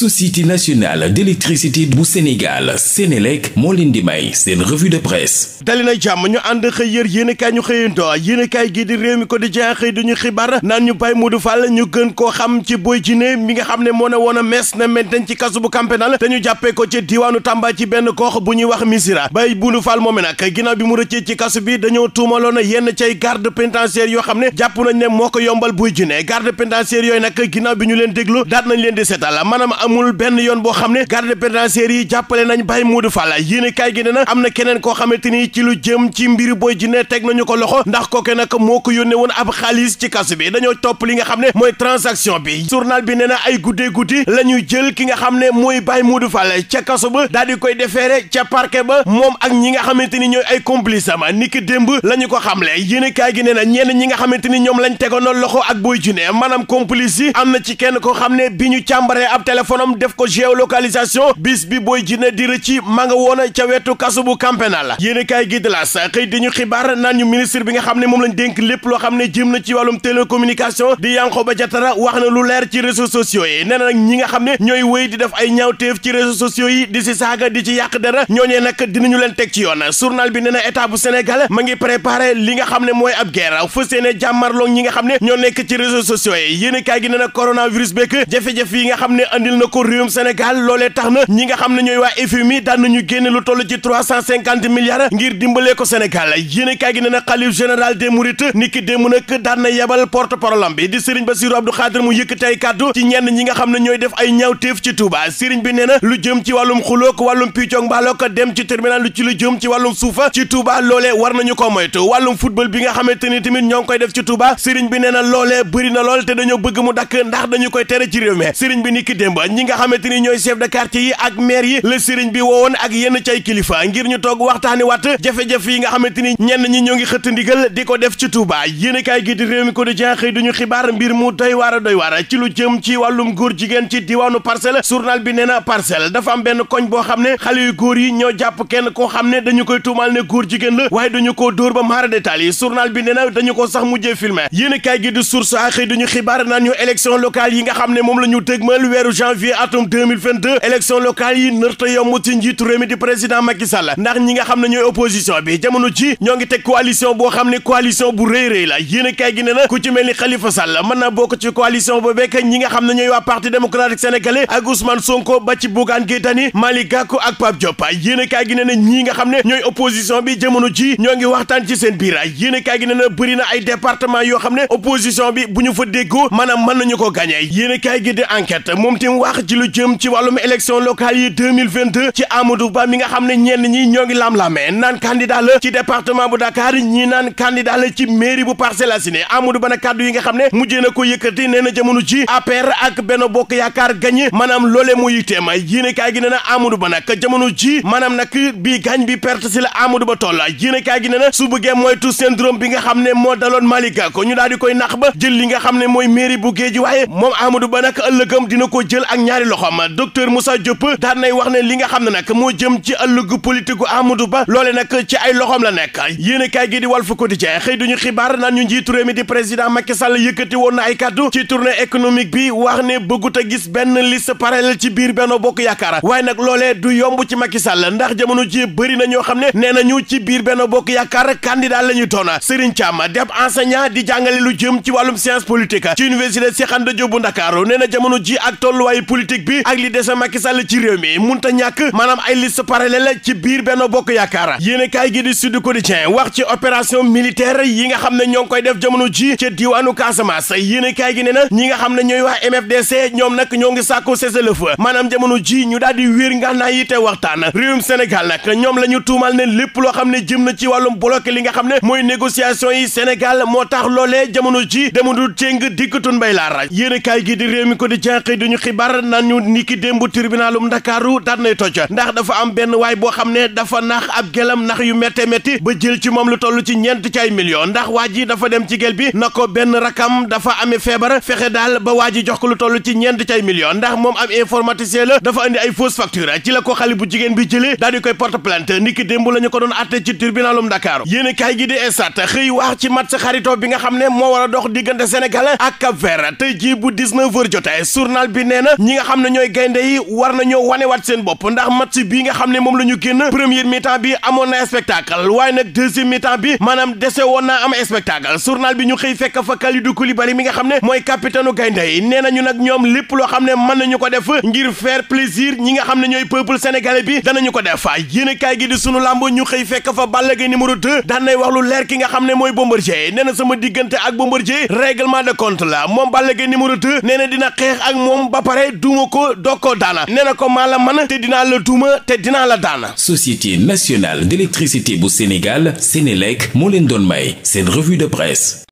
société nationale d'électricité bu Sénégal Sénélec moo leen di may seen revue de presse dali jàmm ñu ànd xëy yër yéenekaay ñu xëyandoo yéenekaay gi di réew mi ko di jeex xëy duñu xibaar naan ñu Baye Modou Fall ñu gën koo xam ci Boy Djiné mi nga xam ne moo ne woon a mees na menten ci kasu bu campénal te ñu ci diwaanu Tamba ci benn gox bu ñuy wax Missira Baye Modou Fall moome nag ginnaaw bi mu rëccee ci kasu bi dañoo tuumaloon yenn cay garde ne jàpp nañ ne moo ko amul benn yoon boo xam ne garde pénitentiaire yi jàppale nañ Baye Modou Fall yéene kaay gi ne am na keneen koo xamante ni ci lu jëm ci mbiri Boy Djiné teg nañu ko loxo ndax kooke nag moo ko yónnee woon ab xaalis ci kasu bi dañoo topp li nga xam ne mooy transaction bi journal bi nee na ay guddee guddi la ñuy jël ki nga xam ne mooy Baye Modou Fall ca kasu ba daal di koy defeere ca parquet ba moom ak ñi nga xamante ni ñooy ay complice ni ki démb la ñu ko xamle yéene kaay gi nee na ñenn ñi nga xamante ni ñoom lañ tegoonoon loxo ak Boy Djiné maanaam complice yi am na ci kenn koo xam ne bi ñu càmbaree ab téléphone téléphonam def la xëy di ñu xibaar naan ñu ministre bi nga xam ne loo xam ne jëm na ci na lu leer ci réseaux sociaux nee nag ñi nga xam ne ñooy wéy di def ay ñaawteef ci réseaux sociaux yi di si saaga di ci yàq ñoo ñooñee nag dinañu leen teg ci yoon journal bi nee na état bu ma ngi préparé li nga xam ne mooy ab guerre fas yéene jàmmarloo ñi nga xam ne ñoo nekk ci réseaux sociaux yi yéen kaay gi nee na coronavirus beeg jafe-jafe yi nga xam ne andil na ko réewum Sénégal loolee tax na ñi nga xam ne ñooy waa FMI daan nañu génne lu toll ci trois cent cinquante milliards ngir dimbalee ko Sénégal yéene kaay gi ne na xalif général des Mourides niki démb nag daan na yebal porte-parole bi di Serigne Bassirou Abdou Khadre mu yëkkatay kàddu ci ñenn ñi nga xam ne ñooy def ay ñaawteef ci Touba Serigne bi nee na lu jëm ci wàllum xulook wàllum piccoog mbaalook dem ci terminal lu ci lu jëm ci wàllum suufa ci Touba loolee war nañu ko moytu wàllum football bi nga xamante ni tamit ñoo ngi koy def ci Touba Serigne bi nee na loolee bëri na lool te dañoo bëgg mu dakk ndax dañu koy tere ci réew mi Serigne bi niki démb ñi nga xamante ni ñooy chef de quartier yi ak maire yi la sëriñ bi woowoon ak yenn cay kilifa ngir ñu toog waxtaani wat jafe-jafe yi nga xamante ni ñenn ñi ñoo ngi xëtt ndigal di ko def ci Touba yéenekaay gi di réew mi ko di xëy duñu xibaar mbir mu doy waar a doy waar ci lu jëm ci wàllum góor jigéen ci diwaanu parcelle journal bi nee na parcelle dafa am benn koñ boo xam ne xale yu góor yi ñoo jàpp kenn koo xam ne dañu koy tuumal ne góor jigéen la waaye dañu koo dóor ba maara détail yi bi nee na dañu ko sax mujjee filmé yéenekaay gi di source a xëy duñu xibaar naan ñu élection yi nga xam ne la ñu tëgmal weeru janvier janvier atum 2022 élection locale yi nërta yomb ci njiitu réew di président Macky Sall ndax ñi nga xam ne ñooy opposition bi jamono ji ñoo ngi teg coalition boo xam ne coalition bu rëy rëy la yéen a kaay gi ne na ku ci mel ni Khalifa Sall mën na bokk ci coalition ba bekk ñi nga xam ne ñooy waa parti démocratique sénégalais ak Sonko ba ci Bougane Gueye Dany Malick Gakou ak Pape Diop yéen gi ne na ñi nga xam ne ñooy opposition bi jamono ci ñoo ngi waxtaan a kaay gi ne na département yoo xam ne opposition bi bu ñu fa déggoo maanaam mën nañu ko gagné yéen a kaay gi baax ci lu jëm ci wàllum élection locale yi 2022 ci Amadou Ba mi nga xam ne ñenn ñi ñoo ngi lam-lamee naan candidat la ci département bu Dakar ñi naan candidat la ci mairie bu Parcelles Assainies Amadou Ba nag kàddu yi nga xam ne mujjee na ko yëkkati nee na jamono ji APR ak Benno Bokk Yaakaar gañe maanaam loolee mu yitteem yéene kaay gi nee na Amadou Ba nag jamono ji maanaam nag bii gañ bi perte si la Amadou Ba toll yéene kaay gi nee na su bëggee moytu syndrome bi nga ñaari loxoom docteur Moussa Diop daan nay wax ne li nga xam ne nag moo jëm ci àll politique gu Amadou Ba loole nag ci ay loxoom la nekk yéen kaay gi di di Quotidien xëy duñu xibaar naan ñu njiitu réew di président Macky Sall yëkkati woon na ay kàddu ci tournée économique bi wax ne bëggut a gis benn liste parallèle ci biir benn Bokk Yaakaar waaye nag loole du yomb ci Macky Sall ndax jamono ji bëri na ñoo xam ne nee na ñu ci biir Benno Bokk Yaakaar candidat la ñu doon Serigne Thiam deb enseignant jàngale lu jëm ci wàllum science politique ci université Cheikh bu Ndakaaru nee na jamono ji ak tolluwaayu politique bi ak li dese Macky Sall ci réew mi ta ñàkk maanaam ay liste la ci biir Benno Bokk Yaakaar yéen kaay gi di Sud Quotidien wax ci opération militaire yi nga xam ne ñoo ngi koy def jamono ji ca diwaanu Casamance yéen kaay gi ne na ñi nga xam ne ñooy wax MFDC ñoom nag ñoo ngi sàkku cessez-le-feu maanaam jamono ji ñu daal di wéer ngànnaay yi te waxtaan réewum Sénégal nag ñoom la ñu tuumal ne lépp loo xam ne jëm na ci wàllum bloqué li nga xam ne mooy négociation yi Sénégal moo tax loolee jamono ji demudul céng dikkatun bay laara yéen gi di réew mi ko di jànq duñu Sarr nañu niki démb tribunalum Ndakaaru daan nay toj ndax dafa am benn waay boo xam ne dafa nax ab gelam nax yu mettee métti ba jël ci moom lu toll ci ñeent ci ay millions ndax waa ji dafa dem ci gel bi na ko benn rakam dafa amee feebar fexe daal ba waa ji jox ko lu toll ci ñeent cay ay ndax moom am informaticien la dafa andi ay fausse facture ci la ko xale bu jigéen bi jëlee daal di koy porte plainte niki démb la ñu ko doon àtte ci tribunalum Ndakaaru yéen kaay gi di estat xëy ci xaritoo bi nga xam ne moo war a dox diggante Sénégal ak Cap Vert tey jii bu 19 heures jotee journal bi nee na ñi nga xam ne ñooy gaynde yi war na nañoo wanewaat seen bopp ndax match bii nga xam ne moom la ñu génn première mi-temps bi amoon na spectacle waaye nag deuxième mi-temps bi maanaam dese woon naa am spectacle journal bi ñu xëy fekk fa Kalidou Koulibaly mi nga xam ne mooy capitaine gaynde yi nee nañu nag ñoom lépp loo xam ne mën nañu ko def ngir faire plaisir ñi nga xam ne ñooy peuple sénégalais bi danañu ko def yéen kaay gi di sunu làmb ñu xëy fekk fa Balla Gaye numéro 2 daan nay lu leer ki nga xam ne mooy Bombardier nee na sama diggante ak Bombardier règlement de compte la moom Balla Gaye numéro nee na dina ak moom ba pare duuma ko doo ko daana nee na ko maa la mën te dinaa la duuma te dinaa la daana société nationale d'électricité bu Sénégal Sénélec moo leen doon may seen revue de presse